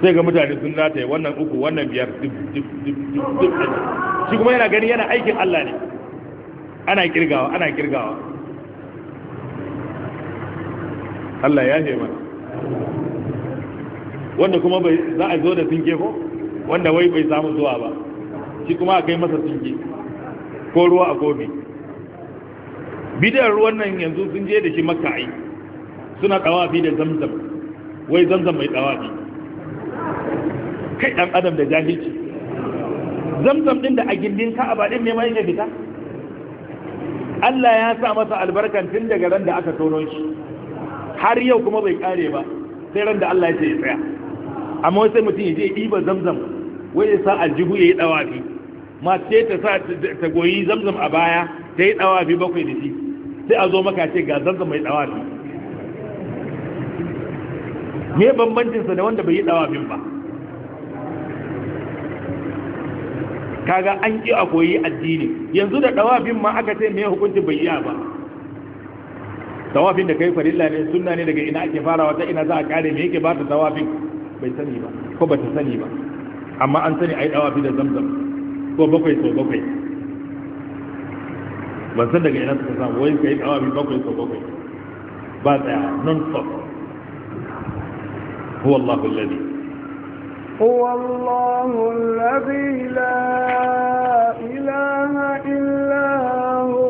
sai ga mutane sun rataye wannan uku wannan biyar shi kuma yana gani yana aikin Allah ne ana kirgawa ana kirgawa Allah ya hema wanda kuma bai za a zo da sinke ko wanda wai bai samu zuwa ba shi kuma a kai masa sinke ko ruwa a kofi bidiyar ruwan nan yanzu sun je da shi makka ai suna tawafi da zamzam wai zamzam mai tawafi kai dan adam da jahilci zamzam din da a gindin ka'aba din ne mai ya fita Allah ya sa masa albarkan tun daga ran da aka tono shi har yau kuma bai kare ba sai ran da Allah ya ce ya tsaya amma wai sai mutum ya je diba zamzam wai ya sa aljihu ya yi ma sai ta sa ta goyi zamzam a baya ta yi ɗawafi bakwai da shi sai a zo maka ce ga zanzan mai dawafi me bambancinsa da wanda bai yi dawafin ba kaga an ƙi a koyi addini yanzu da dawafin ma aka ce me hukuncin bai yi ba dawafin da kai farilla ne sunna ne daga ina ake farawa ta ina za a kare me yake ba ta dawafin bai sani ba ko ba ta sani ba amma an sani a yi dawafi da zamzam ko bakwai sau bakwai ban san daga ina suka samu wai kai awa bi bakwai ko bakwai ba tsaya non stop huwa Allahu alladhi huwa Allahu alladhi la ilaha illa hu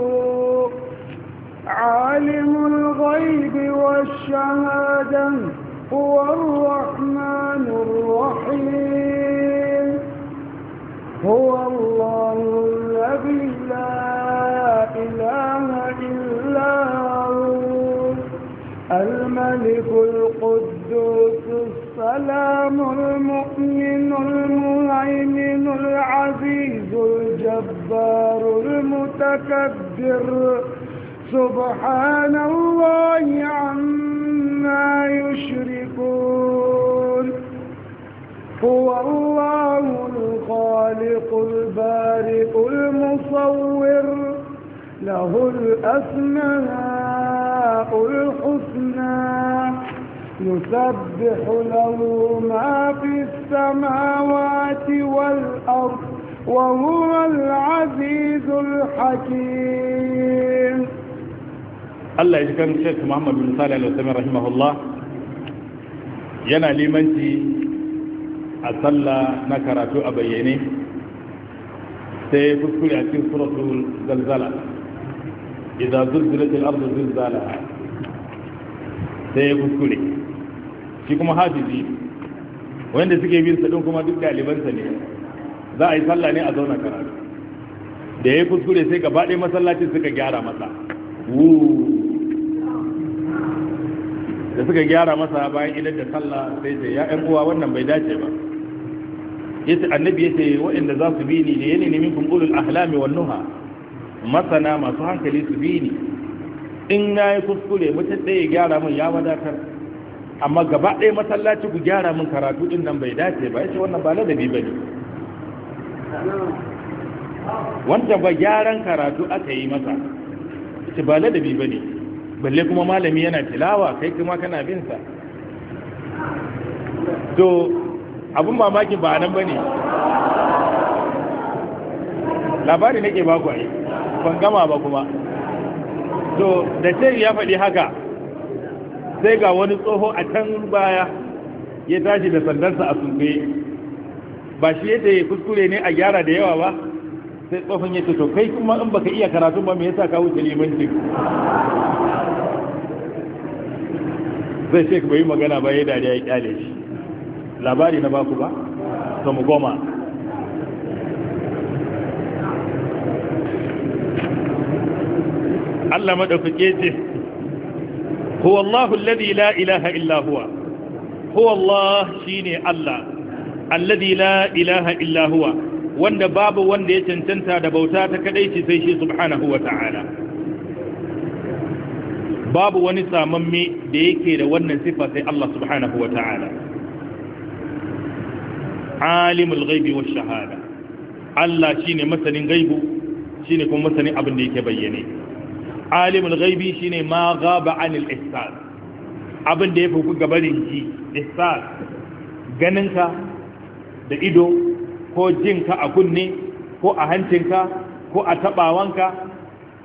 alimul ghaibi wash-shahadati هو الرحمن الرحيم هو الله الذي لا إله إلا هو الملك القدوس السلام المؤمن المهيمن العزيز الجبار المتكبر سبحان الله عما يشركون هو الله الخالق البارئ المصور له الأسماء الحسنى يسبح له ما في السماوات والأرض وهو العزيز الحكيم الله يجكم الشيخ محمد بن صالح الوسلم رحمه الله ينا limanci a نكرة na karatu a bayyane صورة زلزلة idza zulzilatil ardu zilzalaha sai ya kuskure shi kuma hafizi wanda suke bin sa din kuma duk dalibansa ne za a yi sallah ne a zauna karatu da ya kuskure sai gaba ɗaya masallacin suka gyara masa da suka gyara masa bayan idan da sallah sai ce ya ƴan uwa wannan bai dace ba yace annabi yace waɗanda za su bi ni ne yana nemin kun ulul ahlami wan nuha masana masu hankali su bi ni in na yi kuskure mutum ɗaya gyara min ya wadatar amma gaba ɗaya masallaci ku gyara min karatu ɗin nan bai dace ba ya ce wannan ba ladabi ba ne wanda ba gyaran karatu aka yi masa ce ba ladabi ba ne balle kuma malami yana tilawa kai kuma kana bin sa to abin mamaki ba nan ba ne labari nake baku a yi ban gama ba kuma to da sai ya faɗi haka sai ga wani tsoho a can baya ya tashi da sandarsa a sunfe ba shi yadda ya kuskure ne a gyara da yawa ba sai tsofin ya to kai kuma in baka iya karatu ba me yasa ka wuce limancin zai shek bai magana ba ya dariya ya kyale shi labari na baku ba to mu goma Allah madaukake ce huwa Allahu alladhi la ilaha illa huwa huwa Allah shine Allah alladhi la ilaha illa huwa wanda babu wanda ya cancanta da bauta ta kadaici sai shi subhanahu wata'ala babu wani samanmi da yake da wannan sifa sai Allah subhanahu wata'ala alimul ghaibi wa shahada Allah shi ne masanin gaibu shi ne kuma masanin abin da yake bayyane alimul ghaibi shine ma ghaba anil ihsan abin da ya fuku gabarin ji ihsan ganinka da ido ko jinka a kunne ko a hancinka ko a tabawanka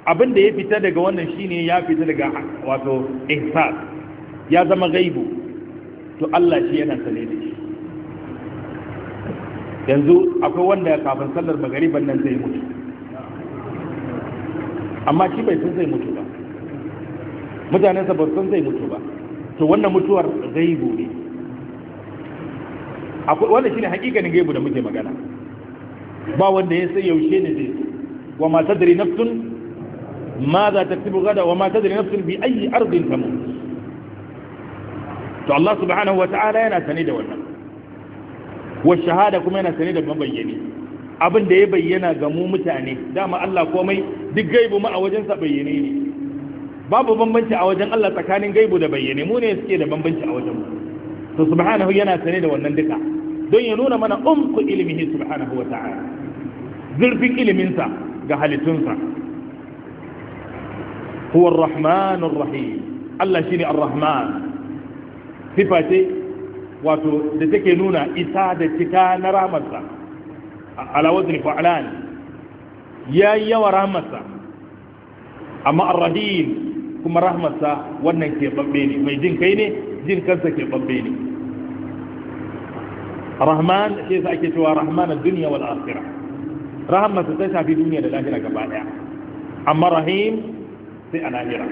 abin da ya fita daga wannan shine ya fita daga wato ihsan ya zama ghaibu to Allah shi yana sane da shi yanzu akwai wanda kafin sallar magariban nan zai mutu amma shi bai san zai mutu ba mutanensa ba san zai mutu ba to wannan mutuwar zai ne akwai wannan shine hakikanin gaibu da muke magana ba wanda ya sai yaushe ne zai wa ma tadri nafsun ma za ta tibu gada wa ma tadri nafsun bi ayi ardin tamu to Allah subhanahu wa ta'ala yana sane da wannan wa shahada kuma yana sane da mabayyani abin da ya bayyana ga mu mutane dama Allah komai duk gaibu ma a wajensa bayyane ne babu bambanci a wajen Allah tsakanin gaibu da bayyane mu ne suke da bambanci a wajen mu to subhanahu yana sane da wannan duka don ya nuna mana umku ilmihi subhanahu wa ta'ala zurfin sa ga halittunsa huwa ar-rahman ar-rahim Allah shine ar-rahman sifa ce wato da take nuna isa da cika na ramarsa ala wazn ya yi yawa rahmatsa amma ar kuma rahmatsa wannan ke babbe ne mai jin kai ne jin kansa ke babbe ne rahman sai sa ake cewa rahman ad-dunya wal asira rahmatsa ta shafi duniya da lahira gaba daya amma rahim sai a lahira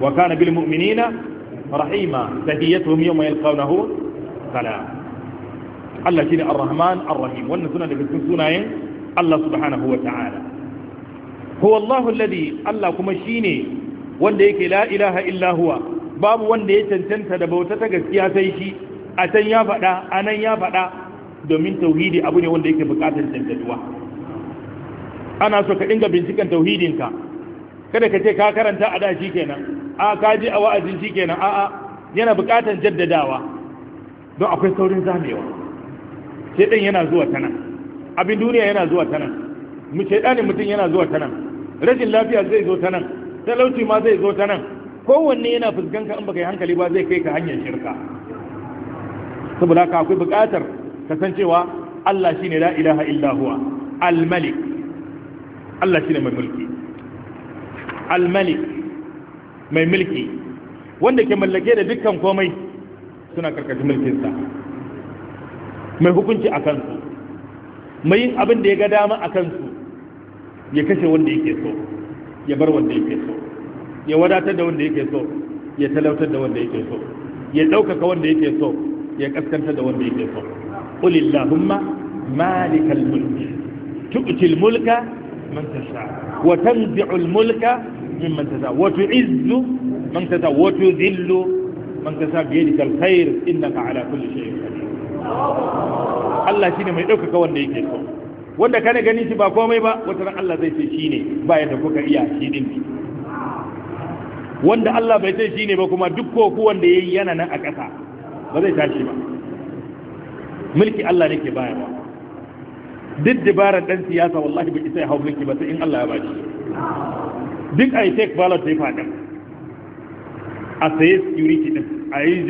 wa kana bil mu'minina rahima tahiyyatuhum yawma yalqawnahu salam Allah shine Ar-Rahman Ar-Rahim wannan suna daga cikin sunayen Allah subhanahu wa ta'ala huwa Allahu alladhi Allah kuma ne wanda yake la ilaha illa huwa babu wanda ya cancanta da bauta ta gaskiya sai shi a can ya faɗa a nan ya faɗa domin tauhidi abu ne wanda yake buƙatar cancantuwa ana so ka dinga binciken tauhidinka kada ka ce ka karanta a da kenan a ka ji a wa'azin kenan a'a yana buƙatar jaddadawa don akwai saurin zamewa shedan yana zuwa ta nan abin duniya yana zuwa ta nan mu shedanin mutum yana zuwa ta nan rashin lafiya zai zo ta nan talauci ma zai zo ta nan kowanne yana fuskanka in baka yi hankali ba zai kai ka hanyar shirka saboda haka akwai buƙatar kasancewa Allah shine la ilaha illa huwa al-malik Allah shine mai mulki al-malik mai mulki wanda ke mallake da dukkan komai suna karkashin mulkinsa mai hukunci a kansu mai yin abin da ya ga dama a kansu ya kashe wanda yake so ya bar wanda yake so ya wadatar da wanda yake so ya talautar da wanda yake so ya ɗaukaka wanda yake so ya kaskantar da wanda yake so qulillahumma malikal mulki tu'til mulka man tasha wa tanzi'ul mulka mimman tasha wa tu'izzu man tasha wa tudhillu man tasha bi yadikal khair innaka ala kulli shay'in Allah shi ne mai ɗaukaka wanda yake so wanda kana gani shi ba komai ba wata ran Allah zai ce shi ne. ba yadda kuka iya shi ɗin wanda Allah bai ce shi ne ba kuma duk koku wanda yi yana nan a ƙasa ba zai tashi ba mulki Allah ne nake bayarwa duk dabarar dan siyasa wallahi bai isa ya hau mulki ba sai in Allah ya shi duk a yi take ballot ya faɗa a saye security ɗin, a yi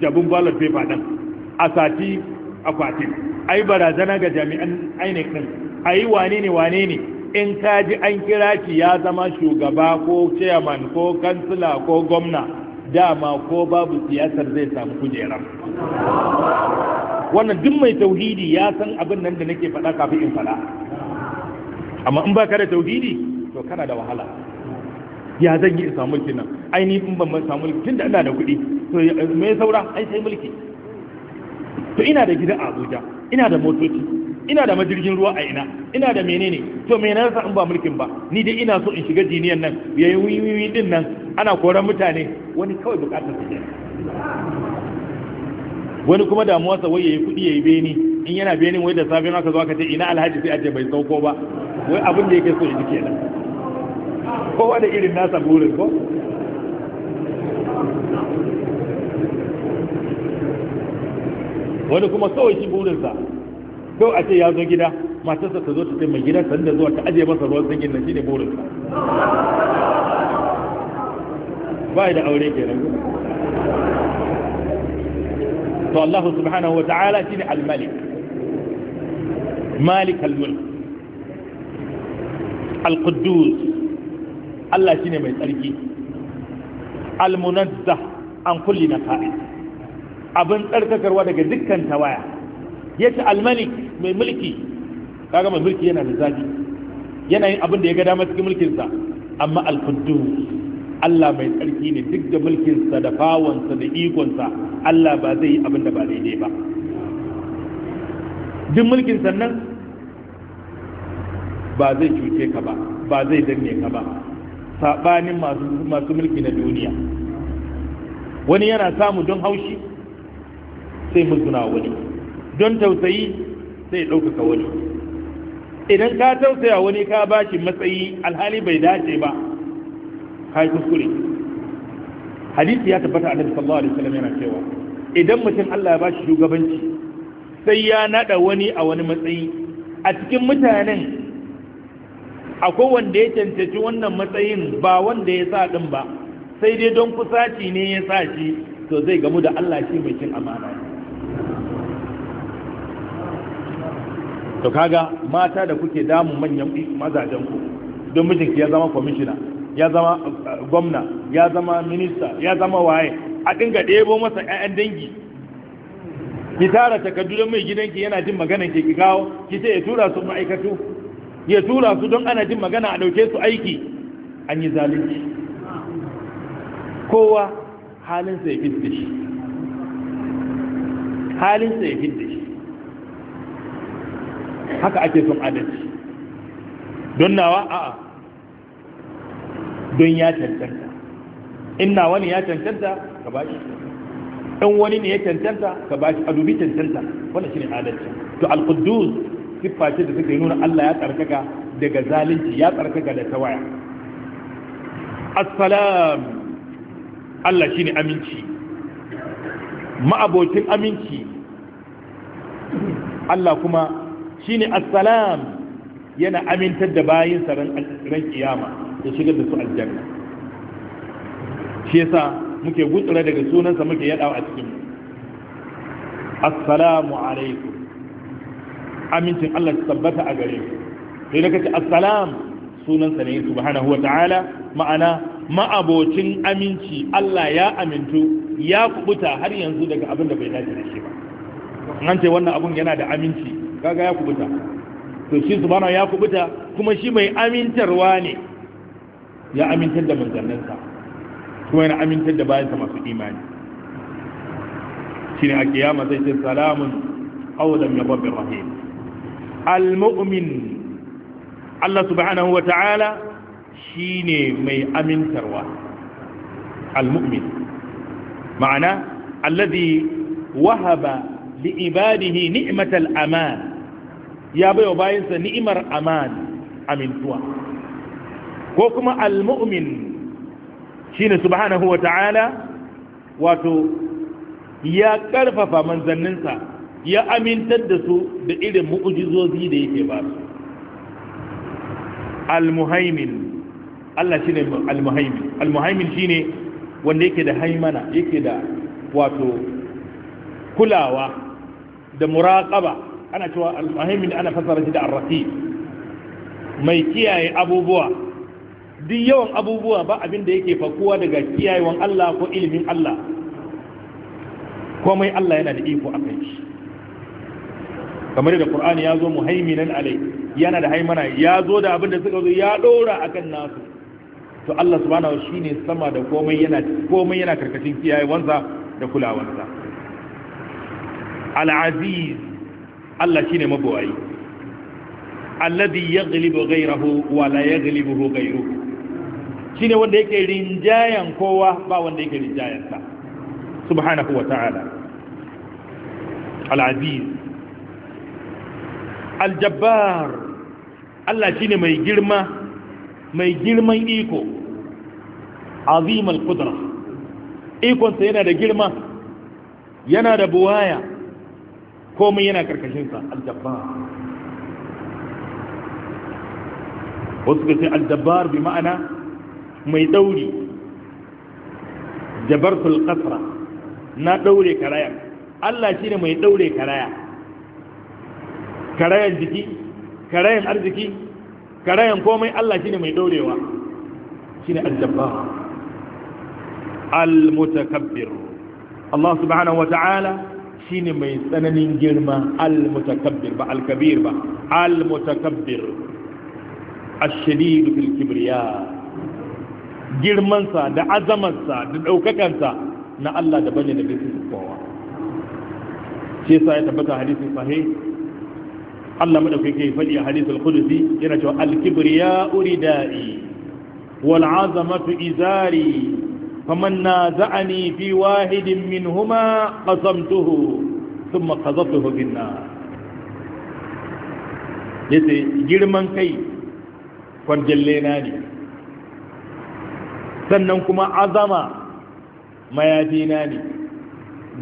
jabun ballot ya faɗa. a sati akwatin ai barazana ga jami'an ainihin a yi wane ne wane ne in kaji an kira ki ya zama shugaba ko chairman ko kansila ko gwamna dama ko babu siyasar zai samu kujerar wannan duk mai tauhidi ya san abin nan da nake faɗa kafin in faɗa amma in baka da tauhidi to kana da wahala ya zan yi in samu mulki nan ainihin in ban samu mulki tunda ina da kuɗi to me saura ai sai mulki to ina da gidan abuja ina da motoci ina da majirgin ruwa a ina ina da menene to me na in ba mulkin ba ni dai ina so in shiga jiniyan nan yayin wiwi din nan ana koran mutane wani kawai bukatar su ne wani kuma damuwarsa wai yayi kudi yayi beni in yana benin wai da safe aka zo aka ce ina alhaji sai a ce bai sauko ba wai abin da yake so ya ji kenan kowa da irin nasa burin ko wani kuma kawai shi burinsa kawai a ce ya zo gida matarsa ta zo ta ce mai gida sanda zuwa ta ajiye masa ruwan sanyin shi ne burinsa ba da aure kenan to Allah subhanahu wa ta'ala shine al-malik malik al-mulk al-quddus Allah shine mai tsarki al-munazzah an kulli naqa'id abin tsarkakarwa daga dukkan tawaya ya ce almalik mai mulki kaga mai mulki yana da zafi yana yin abin da ya ga dama cikin mulkinsa amma alkuddus Allah mai tsarki ne duk da mulkinsa da fawonsa da ikonsa Allah ba zai yi abin da ba daidai ba duk mulkin sannan ba zai cuce ka ba ba zai danne ka ba saɓanin masu mulki na duniya wani yana samu don haushi sai musguna wani don tausayi sai ɗaukaka wani idan ka tausaya wani ka ba shi matsayi alhali bai dace ba ka yi kuskure hadisi ya tabbata annabi sallallahu alaihi wasallam yana cewa idan mutum Allah ya ba shi shugabanci sai ya nada wani a wani matsayi a cikin mutanen akwai wanda ya cancanci wannan matsayin ba wanda ya sa din ba sai dai don kusaci ne ya sa shi to zai gamu da Allah shi mai cin amana to kaga mata da kuke damun manyan mazajen ku don mijinki ya zama kwamishina ya zama uh, gwamna ya zama minista ya zama waye a dinga ɗebo masa 'ya'yan dangi ki tara takardu don mai gidanki yana jin maganan ki kawo ki ce ya tura su ma'aikatu ya tura su don ana jin magana a ɗauke su aiki an yi zalunci kowa halinsa ya fidda halinsa ya haka ake son adalci don nawa a'a don ya cancanta in nawa ne ya cancanta ka ba shi in wani ne ya cancanta ka ba shi a dubi cancanta wannan shine adalci to al-quddus siffa ce da suka yi nuna Allah ya tsarkaka daga zalunci ya tsarkaka da tawaya assalam Allah shi ne aminci ma'abokin aminci Allah kuma shine assalam yana amintar da bayin saran ran kiyama ya shigar da su aljanna shi yasa muke gutsura daga sunansa muke yadawa a cikin assalamu alaikum amincin Allah ta tabbata a gare ku sai da kace assalam sunansa ne subhanahu wa ta'ala ma'ana ma'abocin aminci Allah ya amintu ya kubuta har yanzu daga abin da bai dace da shi ba an ce wannan abun yana da aminci kaga ya kubuta to shi subhanahu ya kubuta kuma shi mai amintarwa ne ya amintar da manzanninsa kuma yana amintar da bayansa masu imani shine a kiyama zai ce salamun qawlan ya rabbir rahim al-mu'min Allah subhanahu wa ta'ala shine mai amintarwa al-mu'min ma'ana alladhi wahaba li ibadihi ni'matal aman ya bai wa bayansa ni'imar aman amintuwa ko kuma almu'min shine subhanahu wata'ala wato ya karfafa manzanninsa ya amintar da su da irin mu'ujizozi da yake ba su almuhaimin Allah shine almuhaimin almuhaimin shine wanda yake da haimana yake da wato kulawa da muraqaba ana cewa al-muhaimin ana fasara shi da ar mai kiyaye abubuwa duk yawan abubuwa ba abin da yake fakuwa daga kiyayewan Allah ko ilimin Allah komai Allah yana da iko a kai shi kamar da Qur'ani ya zo muhaiminan alai yana da haimana ya zo da abin da suka zo ya dora akan nasu to Allah subhanahu wa shine sama da komai yana komai yana karkashin kiyayewansa da kulawansa al-aziz Allah shi ne mabuwayi alladhi yaghlibu gairahu wa la gairu shi ne wanda yake rinjayen kowa ba wanda yake rinjayan sa subhanahu wa ta'ala al'aziz aljabbar al shi Allah mai girma mai girman iko azim kudura. Ikonsa yana da girma yana da buwaya komai yana karkashinsa aljabbar wasu ka ce aljabbar bi ma'ana mai ɗauri. Jabar kasra na ɗaure karayar Allah shi ne mai ɗaure karaya karayan jiki karayan arziki karayan komai Allah shi ne mai ɗaurewa. shi ne aljabbar al-mutakabbir Allah subhanahu wa ta'ala shine mai tsananin girma al-mutakabbir ba al-kabir ba al-mutakabbir ash-shadid fil kibriya girman sa da azamar sa da daukakan sa na Allah da bane da bisu kowa shi yasa ya tabbata hadisin sahih Allah madaukake ya fadi a hadisul qudsi yana cewa al-kibriya uridai wal azamatu izari faman naza'ani fi wahidin minhuma qasamtuhu thumma qadhaftuhu bin nar yace girman kai kwarjalle na ne sannan kuma azama mayafi na ne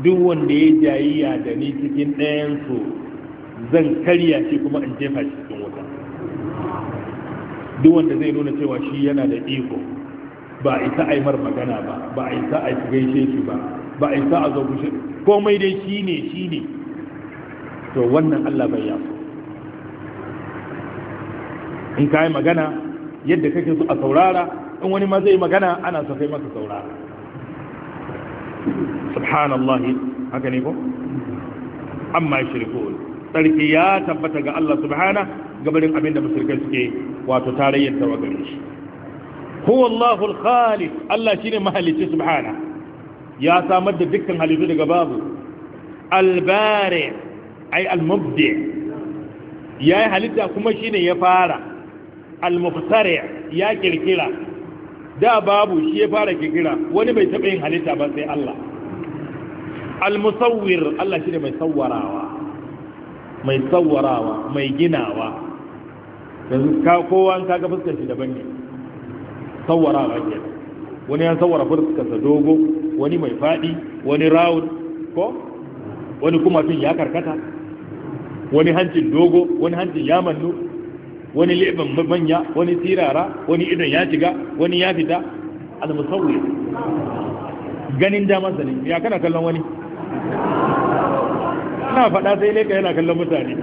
duk wanda ya jayiya da ni cikin ɗayansu zan karya shi kuma in jefa shi cikin wuta duk wanda zai nuna cewa shi yana da iko ba a isa a yi mar magana ba ba a isa a yi gaishe shi ba ba a isa a zo kushe komai dai shi ne shi ne to wannan Allah bai yaso in ka yi magana yadda kake so a saurara in wani ma zai magana ana so kai masa saurara subhanallahi haka ne ko amma shirkun tsarki ya tabbata ga Allah subhana gabarin abinda musulkai suke wato tarayyar tawagar shi huwa Allahul khaliq Allah shine mahalicci subhana ya samar da dukkan halittu daga babu al-bari ay al yayi halitta kuma shine ya fara al ya kirkira da babu shi ya fara kirkira wani bai taɓa yin halitta ba sai Allah al-musawwir Allah shine mai sawwarawa mai sawwarawa mai ginawa yanzu ka kowa ka ga fuskar shi daban ne sawara ke wani ya sawara fuskarsa dogo wani mai faɗi wani rawun ko wani kuma fin ya karkata wani hancin dogo wani hancin ya mannu wani leɓen manya wani tirara wani idan ya shiga wani ya fita al-musawwir ganin damar sani ya kana kallon wani ana faɗa sai ka yana kallon mutane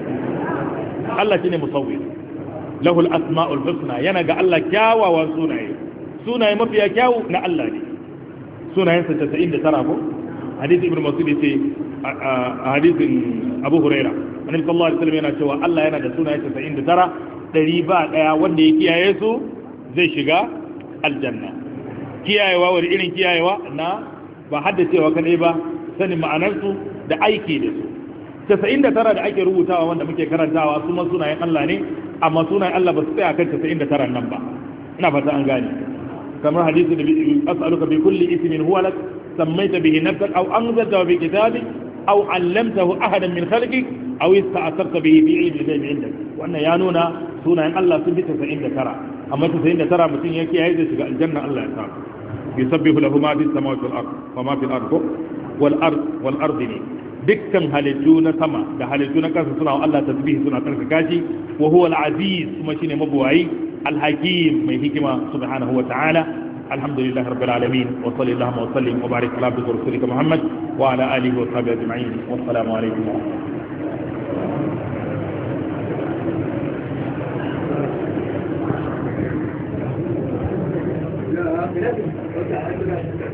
Allah ne musawwir lahul asma'ul husna yana ga Allah kyawawan sunaye sunaye mafiya kyawu na Allah ne sunayen sa 99 ko hadisi ibnu mas'ud yace a hadisin abu huraira annabi sallallahu alaihi wasallam yana cewa Allah yana da sunaye 99 dari ba daya wanda ya kiyaye su zai shiga aljanna kiyayewa wani irin kiyayewa na ba haddacewa kadai ba sanin ma'anarsu da aiki da su 99 da tara da ake rubutawa wanda muke karantawa su ma sunayen Allah ne amma sunayen Allah ba su tsaya kan casa'in da nan ba ina fata an gane كما حديث النبي أسألك بكل اسم هو لك سميت به نفسك أو أنزلته في كتابك أو علمته أحدا من خلقك أو استأثرت به في علم الغيب عندك وأن يانونا سونا إن الله سنبت فإن ترى أما تسعين ترى متين يكي هيدا شكا الجنة الله يسار يسبح له ما في السماوات والأرض وما في الأرض والأرض والأرض لي dukkan halittu na sama da halittu na kansa suna wa Allah tasbihi suna tsarkaka shi wa huwa al-aziz kuma shine mabuwayi الحكيم من حكمة سبحانه وتعالى الحمد لله رب العالمين وصل اللهم وسلم وبارك على عبدك ورسولك محمد وعلى آله وصحبه أجمعين والسلام عليكم ورحمة الله